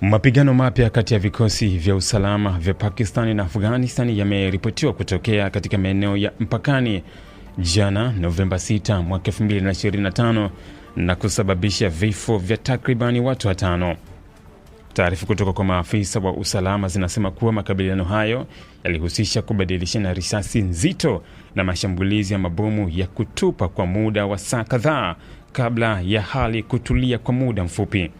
Mapigano mapya kati ya vikosi vya usalama vya Pakistani na Afghanistan yameripotiwa kutokea katika maeneo ya mpakani jana Novemba 6 mwaka 2025 na kusababisha vifo vya takribani watu watano. Taarifa kutoka kwa maafisa wa usalama zinasema kuwa makabiliano hayo yalihusisha kubadilishana risasi nzito na mashambulizi ya mabomu ya kutupa kwa muda wa saa kadhaa kabla ya hali kutulia kwa muda mfupi.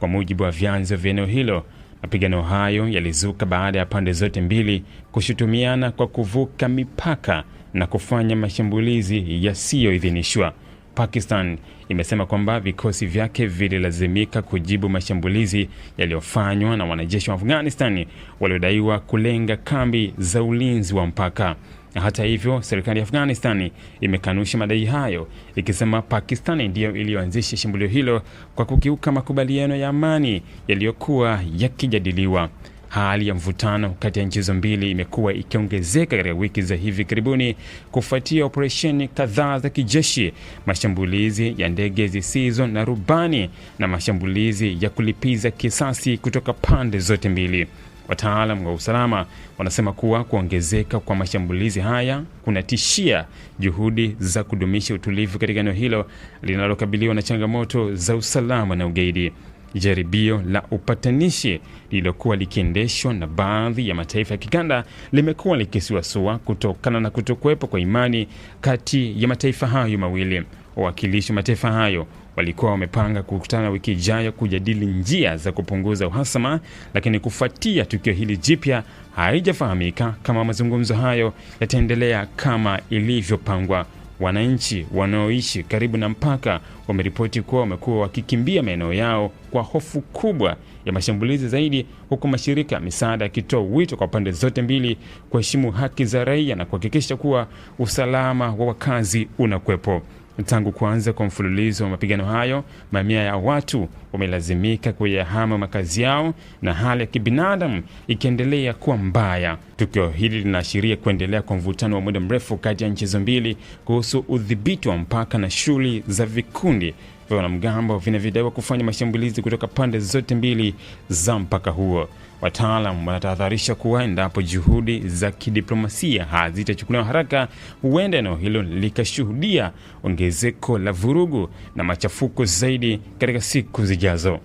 Kwa mujibu wa vyanzo vya eneo hilo, mapigano hayo yalizuka baada ya pande zote mbili kushutumiana kwa kuvuka mipaka na kufanya mashambulizi yasiyoidhinishwa. Pakistan imesema kwamba vikosi vyake vililazimika kujibu mashambulizi yaliyofanywa na wanajeshi wa Afghanistan waliodaiwa kulenga kambi za ulinzi wa mpaka. Hata hivyo, serikali ya Afghanistan imekanusha madai hayo ikisema Pakistan ndiyo iliyoanzisha shambulio hilo kwa kukiuka makubaliano ya amani yaliyokuwa yakijadiliwa. Hali ya mvutano kati ya nchi hizo mbili imekuwa ikiongezeka katika wiki za hivi karibuni kufuatia operesheni kadhaa za kijeshi, mashambulizi ya ndege zisizo na rubani na mashambulizi ya kulipiza kisasi kutoka pande zote mbili. Wataalam wa usalama wanasema kuwa kuongezeka kwa mashambulizi haya kunatishia juhudi za kudumisha utulivu katika eneo hilo linalokabiliwa na changamoto za usalama na ugaidi. Jaribio la upatanishi lililokuwa likiendeshwa na baadhi ya mataifa ya kikanda limekuwa likisuasua kutokana na kutokuwepo kwa imani kati ya mataifa hayo mawili wawakilishi wa mataifa hayo walikuwa wamepanga kukutana wiki ijayo kujadili njia za kupunguza uhasama, lakini kufuatia tukio hili jipya, haijafahamika kama mazungumzo hayo yataendelea kama ilivyopangwa. Wananchi wanaoishi karibu na mpaka wameripoti kuwa wamekuwa wakikimbia maeneo yao kwa hofu kubwa ya mashambulizi zaidi, huku mashirika ya misaada yakitoa wito kwa pande zote mbili kuheshimu haki za raia na kuhakikisha kuwa usalama wa wakazi unakwepo Tangu kuanza kwa mfululizo wa mapigano hayo, mamia ya watu wamelazimika kuyahama makazi yao na hali ya kibinadamu ikiendelea kuwa mbaya. Tukio hili linaashiria kuendelea kwa mvutano wa muda mrefu kati ya nchi hizo mbili kuhusu udhibiti wa mpaka na shughuli za vikundi vya wanamgambo vinavyodaiwa kufanya mashambulizi kutoka pande zote mbili za mpaka huo. Wataalam wanatahadharisha kuwa endapo juhudi za kidiplomasia hazitachukuliwa haraka, huenda eneo hilo likashuhudia ongezeko la vurugu na machafuko zaidi katika siku zijazo.